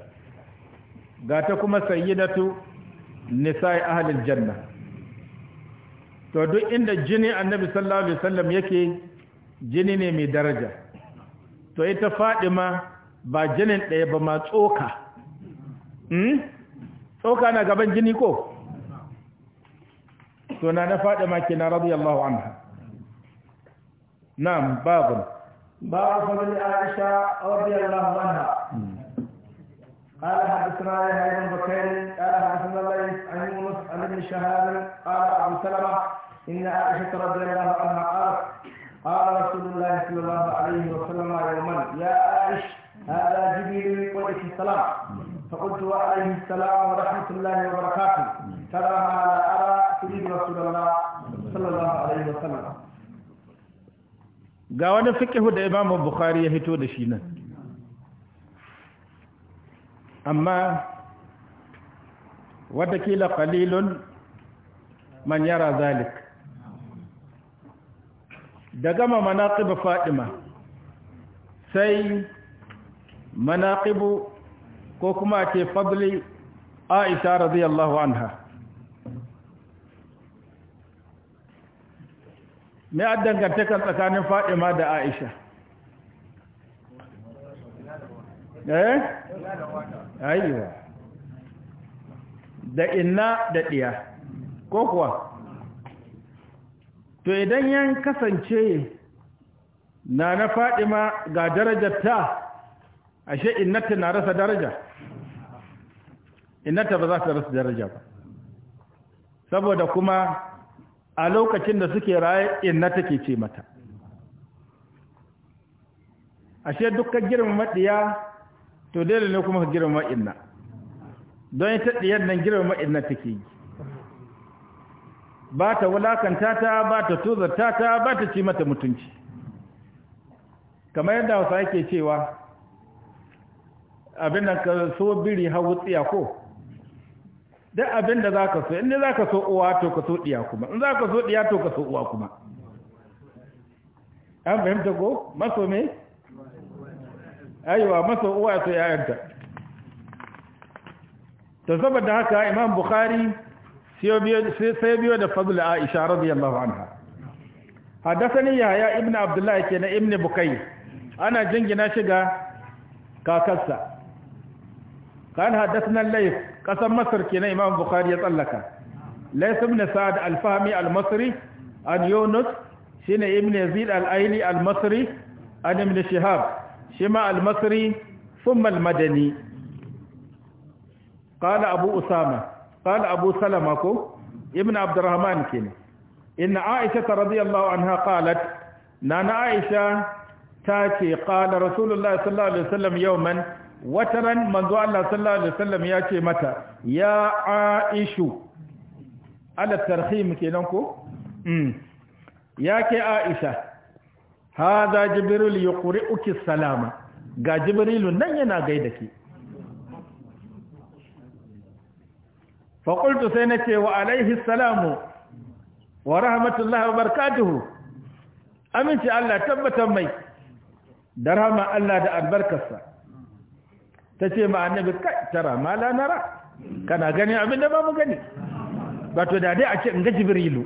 ga ta kuma sayyidatu nisa'i ahlil janna to duk inda jini annabi sallallahu alaihi wasallam yake jini ne mai daraja to ita fadima ba jinin ɗaya ba ma tsoka hmm? tsoka na gaban jini ko to نفاد ما كنا رضي الله عنها نعم باب باب من عائشة رضي الله عنها قال حدثنا عليها ابن بكير قال حدثنا الله عن يونس عن ابن شهاب قال ابو سلمه ان عائشة رضي الله عنها قالت قال رسول الله صلى الله عليه وسلم يوما يا عائش هذا جبريل وعليه السلام فقلت وعليه السلام ورحمة الله وبركاته ترى ما لا أرى ga wani fikihu da imam bukhari ya hito da shi nan amma watakila qalilun man yara zalik da gama manaqib Fadima sai manaƙibu ko kuma ce fadli aisha radiyallahu anha me a dangantakar tsakanin fadima da aisha eh aiwa da inna da diya ko kuwa to idan yan kasance na na fadima ga darajar ta ashe innata na rasa daraja innata ba za ta rasa daraja ba saboda kuma a lokacin da suke raye inna take ce mata ashe dukkan girmama diya to dole ne kuma ka girmama inna don ita diyan nan girmama inna take yi ba ta wulakanta ta ba ta tuzarta ta ba ta ci mata mutunci kamar yadda wasa yake cewa abin da ka so biri hau tsiya ko duk abin da za ka so in za ka so uwa to ka so ɗiya kuma in za ka so ɗiya to ka so uwa kuma an fahimta ko maso me aiwa maso uwa ya yayanta to saboda haka imam bukhari sai biyo da fadla aisha radiyallahu anha haddathani Ibn ibnu abdullah na ibnu bukai ana jingina shiga kakarsa kan haddathana layth ƙasar masar na imam bukhari ya tsallaka lais ibn sa'ad al-fahmi al-masri an yunus shine ibn yazid al-aili al-masri an ibn shihab shima al-masri thumma al-madani qala abu usama qala abu salama ko ibn abdurrahman kenan inna aisha radiyallahu anha qalat nana aisha tace qala rasulullahi sallallahu alaihi wasallam yawman Wata ran manzo Allah sallallahu alaihi wasallam ya ce mata ya aishu ala tarhim kenan ko mm ya ke aisha hada jibril yuqri'uki salama ga jibrilu nan yana gaida ki fa qultu sai nace wa alaihi salamu wa rahmatullahi wa barakatuhu aminci Allah tabbatar mai da rahama Allah da albarkarsa ta ce ma annabi kai tara ma la nara kana gani abin da ba mu gani to da dai a ce in ga jibrilu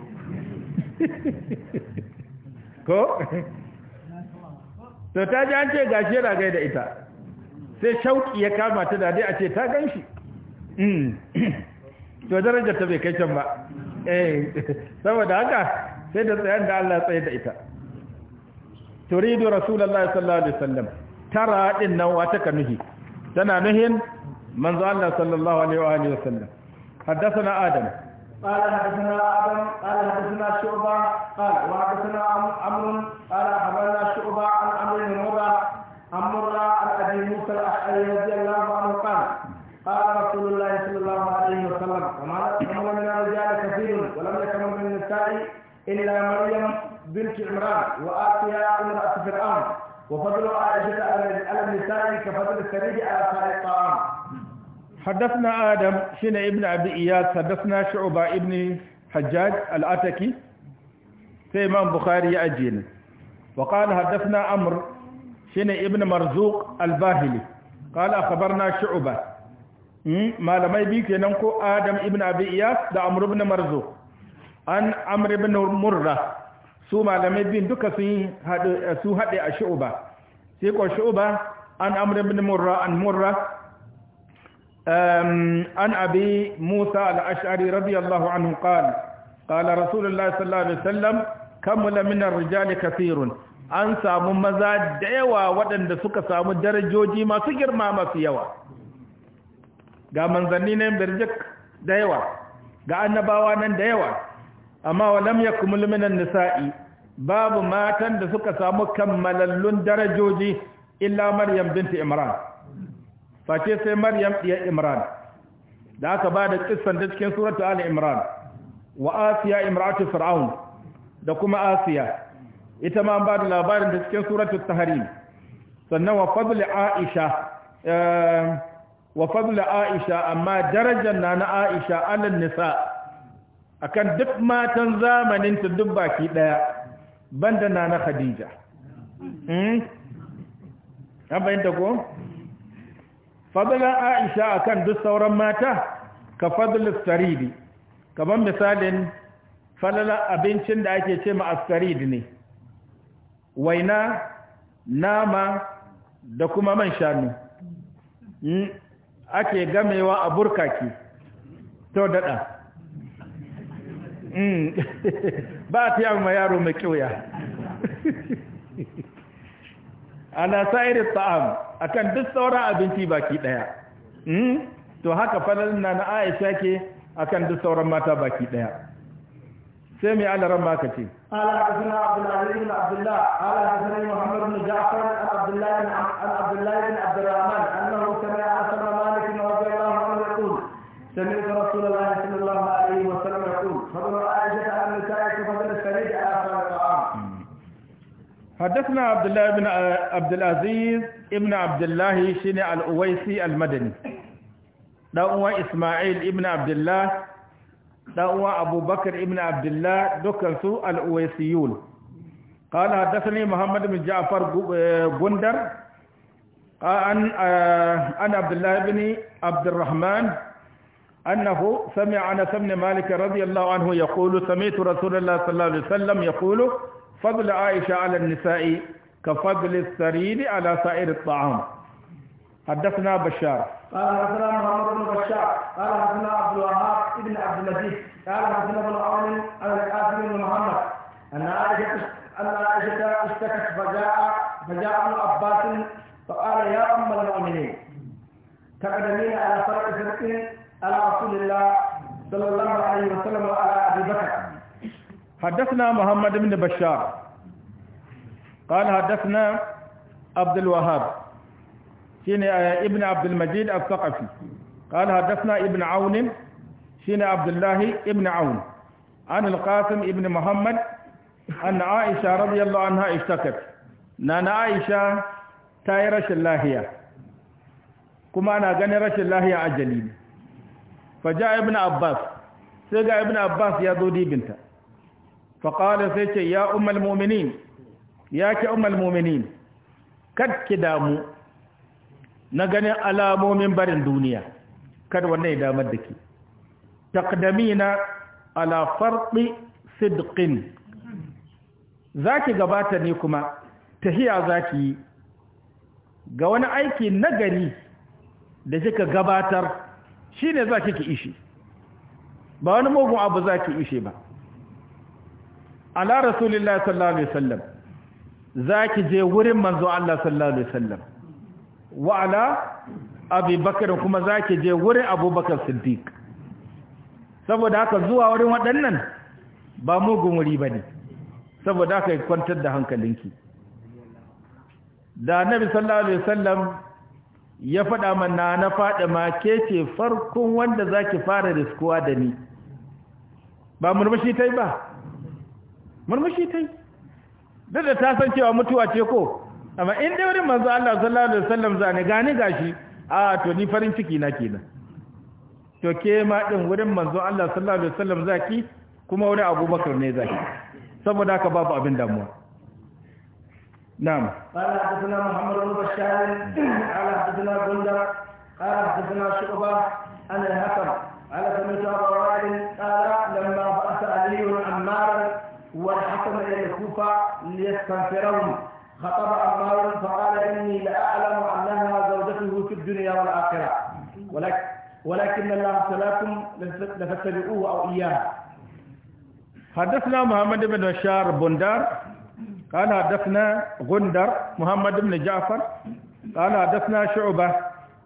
ko to ta ji an ce gashi yana gai da ita sai shauki ya kama ta da dai a ce ta gan shi to darajar ta bai kai can ba eh saboda haka sai da tsayan da Allah tsaye da ita turidu rasulullahi sallallahu alaihi wasallam tara din nan wata kanuhi tana nuhin من Allah صلى الله عليه وآله وسلم حدثنا آدم قال حدثنا آدم قال حدثنا شعبة قال وحدثنا أمر قال حدثنا شعبة عن أمر بن مرة عن عن ابي موسى الاشعري رضي الله عنه قال قال رسول الله صلى الله عليه وسلم وما من الرجال كثير ولم يكن من النساء الا مريم بنت عمران واتيا امراه فرعون وفضل عائشة على النساء كفضل السرير على سائر الطعام حدثنا آدم شين ابن أبي إياس حدثنا شعبة ابن حجاج الأتكي في إمام بخاري أجين وقال حدثنا أمر شين ابن مرزوق الباهلي قال أخبرنا شعبة ما لم يبيك ينمكو آدم ابن أبي إياس ده أمر ابن مرزوق عن أمر ابن مرة su malamai biyun duka sun eh, haɗe a shu'uba sai ko shu'uba an amr ibn murra an murra um, an abi musa al'ashari radiyallahu anhu qala qala rasulullahi sallallahu alaihi wasallam kamula min rijali kathirun an samu maza da yawa waɗanda suka samu darajoji masu girma masu yawa ga manzanni nan birjik da yawa ga annabawa nan da yawa amma walam yakmul minan nisa'i babu matan da suka samu kammalallun darajoji illa maryam binti imran face sai maryam diya imran da aka ba da kissan da cikin suratu ali imran wa asiya imratu fir'aun da kuma asiya ita ma ba da labarin da cikin suratu tahrim sannan wa fadli aisha eh, wa fadli aisha amma darajar na na aisha alal nisa akan duk matan zamanin ta duk baki daya banda na na Khadija hmm an ko fadlan Aisha akan duk sauran mata ka fadlus saridi kaman misalin falala abincin da ake ce ma askaridi ne waina nama da kuma man shanu hmm? ake gamewa a burkaki to daɗa Mm. ba ta yi ma yaro mai kyauya ala sa'irin ta'am akan duk sauran abinci baki daya mm. to haka falalin na na aisha ke akan duk sauran mata baki daya sai mai alaran ma ka ce ala kasana abdullahi ibn abdullah ala kasana muhammad ibn ja'far an abdullahi an abdullahi ibn abdurrahman annahu sami'a asma malik radiyallahu anhu yaqul da rasulullahi sallallahu alaihi wa sallam فضل عائشة عن النساء كفضل السريد على صلاة الطعام حدثنا عبد الله بن عبد العزيز ابن عبد الله شن الأويسي المدني دعوة إسماعيل ابن عبد الله دعوة أبو بكر ابن عبد الله دكرسو الأويسيون قال حدثني محمد بن جعفر بندر عن عن عبد الله بن عبد الرحمن أنه سمع عن بن مالك رضي الله عنه يقول سمعت رسول الله صلى الله عليه وسلم يقول فضل عائشة على النساء كفضل السرير على سائر الطعام حدثنا بشار قال حدثنا محمد بن بشار قال حدثنا عبد الوهاب بن عبد العزيز قال حدثنا بن عون عن الحاكم بن محمد أن عائشة أن عائشة اشتكت فجاء فجاء ابن عباس فقال يا أم المؤمنين تقدمين على فرق فرق على رسول الله صلى الله عليه وسلم وعلى أبي بكر حدثنا محمد بن بشار قال حدثنا عبد الوهاب شين آه، ابن عبد المجيد الثقفي قال حدثنا ابن عون شين عبد الله ابن عون عن القاسم ابن محمد أن عائشة رضي الله عنها اشتكت نانا عائشة تاي الله هي كما أنا غني الله هي أجلين faja ibn abbas sai ga ibn abbas ya zo dibinta faƙala sai ce ya umar ya ke umar mominin ki damu na ganin alamomin barin duniya kad wannan ya damar da ke takdamina ala farɗi sidqin za ki gabata ne kuma tahiya za ki yi ga wani aikin nagari da kika gabatar shi ne za ki ishe ba wani mugun abu za ki ishe ba ala rasulillah sallallahu alaihi wasallam za ki je wurin manzo Allah sallallahu alaihi wasallam wa ala abi bakar kuma za ki je wurin abubakar siddiq saboda haka zuwa wurin waɗannan ba mugun wuri ba ne saboda haka kwantar da hankalinki da nabi sallallahu alaihi wasallam ya faɗa mana na ma ke ce farkon wanda za ki fara riskuwa da ni ba murmushi ta yi ba murmushi ta yi duk da ta san cewa mutuwa ce ko amma in da wurin manzo Allah sallallahu alaihi wasallam zane gani gashi a to ni farin ciki na kenan to ke ma din wurin manzo Allah sallallahu alaihi wasallam zaki kuma wani Abubakar ne zaki saboda haka babu abin damuwa نعم قال حدثنا محمد بن بشار قال حدثنا بندر قال حدثنا شعبة عن الهكر على سمعت أبا وائل قال لما بعث علي عمار والحكم إلى الكوفة ليستنفرهم خطب عمار فقال إني لا اعلم أنها زوجته في الدنيا والآخرة ولكن ولكن الله ابتلاكم لتتبعوه أو إياه حدثنا محمد بن بشار بندر قال حدثنا غندر محمد بن جعفر قال حدثنا شعبة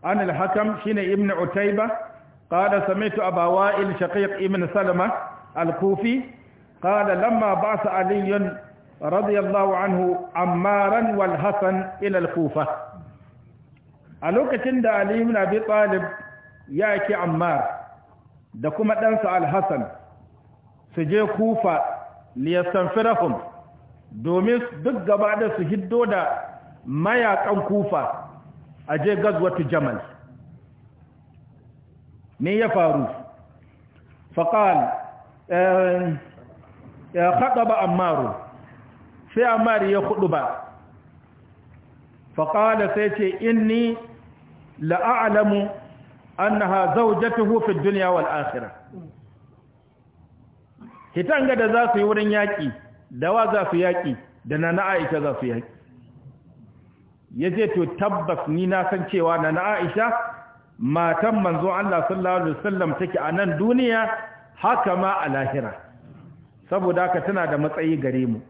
عن الحكم شين ابن عتيبة قال سمعت أبا وائل شقيق ابن سلمة الكوفي قال لما بعث علي رضي الله عنه عمارا والحسن إلى الكوفة ألوك تند علي بن أبي طالب يأتي عمار دكما تنسى الحسن سجي كوفة ليستنفرهم domin duk gaba da su hiddo da mayakan kufa a je gazwatu jamal ne ya faru faƙal ya eh, eh, haɗa ba ammaru sai ammari ya hudu ba faƙala sai ce inni la'alamu annaha zaujatuhu fi dunya wal akhirah hitanga da za su yi wurin yaƙi dawa za su yaƙi da na na'aisha za su yaƙi ya ce to tabbas ni na san cewa na na'aisha matan manzo Allah sallallahu alaihi wasallam take a nan duniya haka ma a lahira saboda haka tana da matsayi gare mu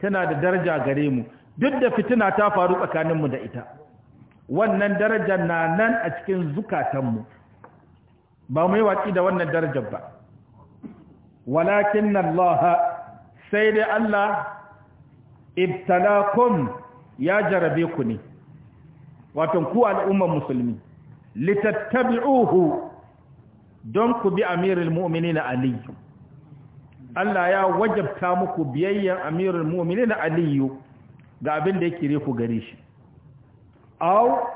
tana da daraja gare mu duk da fitina ta faru tsakaninmu da ita wannan darajar na nan a cikin zukatanmu ba mu yi watsi da wannan darajar ba walakin Allah sai dai Allah ibtalakum ya jarabe ku ne wato ku al'ummar musulmi litattabi'uhu don ku bi amirul mu'minin Ali Allah ya wajabta muku biyayyan amirul mu'minin Ali ga abin da yake ku gare shi aw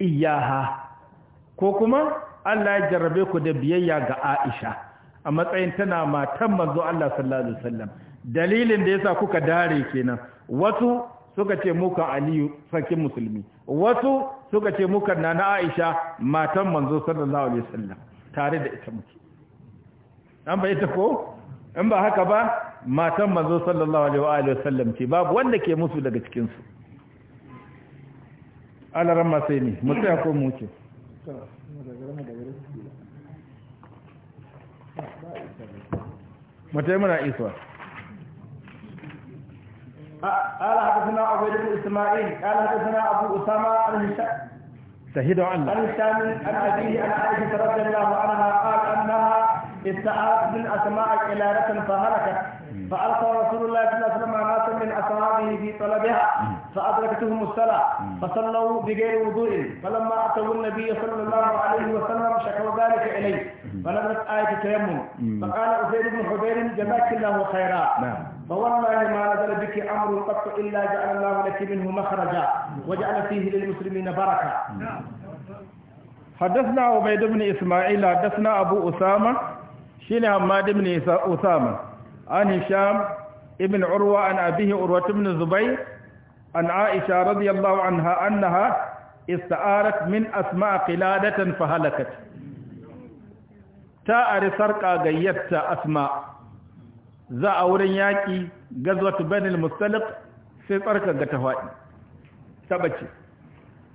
iyaha ko kuma Allah ya jarrabe ku da biyayya ga Aisha a matsayin tana matan manzo Allah sallallahu alaihi wasallam dalilin da yasa kuka dare kenan wasu suka ce muka aliyu sarkin musulmi wasu suka ce muka nana aisha matan manzo sallallahu alaihi wasallam tare da ita muke an bai ta ko in ba haka ba matan manzo sallallahu alaihi wasallam ce babu wanda ke musu daga cikin su alaran sai ne mutai ko muke mutai muna iswa قال حدثنا عبيد بن اسماعيل قال حدثنا ابو اسامه عن هشام شهد عنه عن الشامي عن ابيه عن عائشه رضي الله عنها قال انها استعارت من اسماء قلاده فهلكت فألقى رسول الله صلى الله عليه وسلم ناسا من أصحابه في طلبها فأدركتهم الصلاة فصلوا بغير وضوء فلما أتوا النبي صلى الله عليه وسلم شكوا ذلك إليه فنزلت آية التيمم فقال أسيد بن حبير جزاك الله خيرا نعم. فوالله ما نزل بك امر قط الا جعل الله لك منه مخرجا وجعل فيه للمسلمين بركه حدثنا عبيد بن اسماعيل حدثنا ابو اسامه شين حماد بن اسامه عن هشام ابن عروه عن ابيه عروه بن الزبير عن عائشه رضي الله عنها انها استعارت من اسماء قلاده فهلكت تا ارسرقا sarƙa اسماء za a wurin yaƙi gazwatu banil mustalik sai tsarka ga ta faɗi ta bace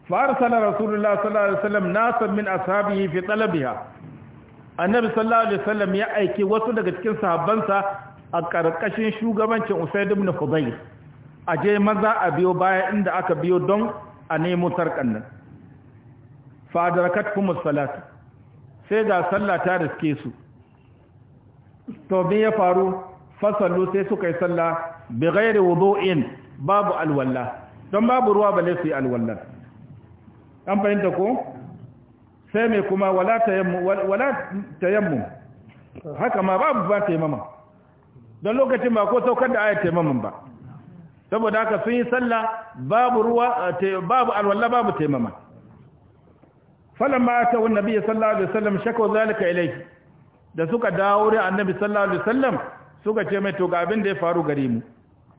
farisala rasulullah sallallahu alaihi wasallam nasan min ashabihi fi talabiha annabi sallallahu alaihi wasallam ya aiki wasu daga cikin sahabbansa a ƙarƙashin shugabancin usaid ibn fudayl a je maza a biyo baya inda aka biyo don a nemo sarkan nan fadarakat kuma salatu sai ga sallah ta riske su to me ya faru fasallu sai suka yi sallah bi ghairi wudu'in babu alwalla don babu ruwa balle su yi alwalla an fahimta ko sai mai kuma wala tayammu wala tayammu haka ma babu ba taimama don lokacin ba ko saukar da ayat taimaman ba saboda haka sun yi sallah babu ruwa babu alwalla babu taimama falamma atawu annabi sallallahu alaihi wasallam shakau zalika ilayhi da suka dawo da annabi sallallahu alaihi wasallam suka ce mai to ga abin da ya faru gare mu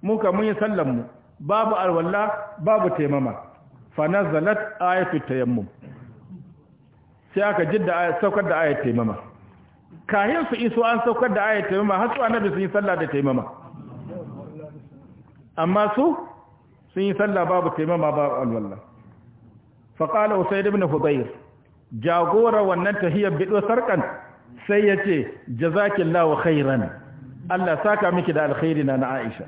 mu ka mun yi sallan mu babu alwala babu taimama fa nazalat ayatu tayammum sai aka jidda ayat saukar da ayat taimama kahin su iso an saukar da ayat taimama har su annabi sun yi sallah da taimama amma su sun yi sallah babu taimama babu alwala fa qala usayd ibn hudayr jagora wannan tahiyar bido sarkan sai yace jazakillahu khairan Allah saka miki da alkhairi na Aisha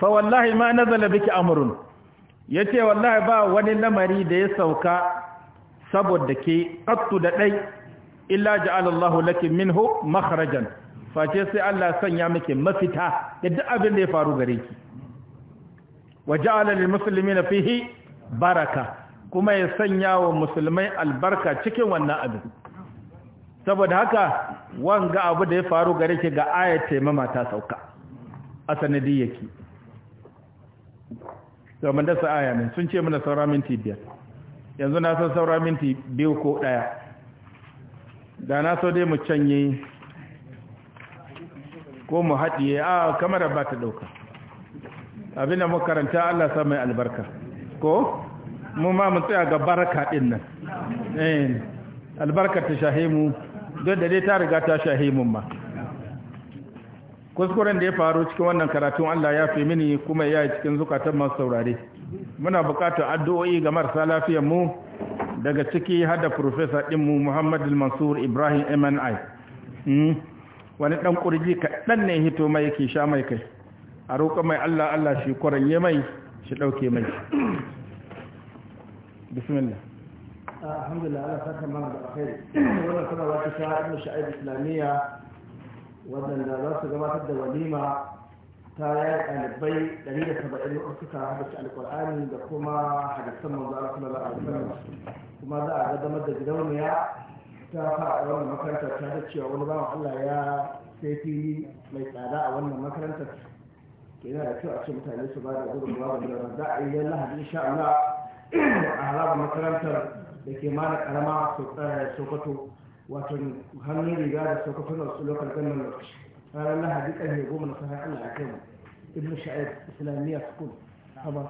fa wallahi ma nazala biki amrun yace wallahi ba wani lamari da ya sauka saboda ke qattu da dai illa ja'ala Allahu laki minhu makhrajan face sai Allah sanya miki mafita da duk abin da ya faru gare ki wa ja'ala lil muslimina fihi baraka kuma ya sanya wa musulmai albarka cikin wannan abin saboda haka wanga abu da ya faru gare ki ga ayat taimama ta sauka a sanadiyyaki zaman dasa aya min sun ce mana saura minti biyar yanzu na san saura minti biyu ko ɗaya da na so dai mu canye ko mu haɗiye a kamar ba ta ɗauka abinda mu karanta Allah sa mai albarka ko mu ma mu tsaya ga baraka ɗin nan eh, albarka ta shahimu don da dai ta riga ta shahi mun ma kuskuren da ya faru cikin wannan karatun Allah ya fi mini kuma ya yi cikin zukatan masu saurare muna bukatar addu'o'i ga marasa lafiyar mu daga ciki har da profesa mu Muhammad Mansur Ibrahim MNI hmm? wani ɗan ƙurji kaɗan ne hito mai yake sha mai kai a roƙa mai Allah Allah shi kwaranye mai shi ɗauke mai bismillah الحمد لله أنا فاكر ما أنا بخير وأنا كنا وقت شاعر من الشعائر الإسلامية وأنا درست جماعة الدوليمة تايا ألبي دليل سبعين أرسك حدث القرآن دكما حدث من ذلك صلى الله عليه وسلم وما ذا أعداد مدى جدونيا تافع أولا مكانتا تهدتش أولا بام الله يا سيتي ليس أداء أولا مكانتا كنا يكيو أشي متعليس بعد أقول الله بجرد داعي يلا إن شاء الله أهلا مكانتا da ke mara karama eh, sokoto wato hannun riga da sokoto na su lokal ganin lokaci ranar lahadi ne goma na sahar allah a kai mu ibn sha'ib islamiyya school a ba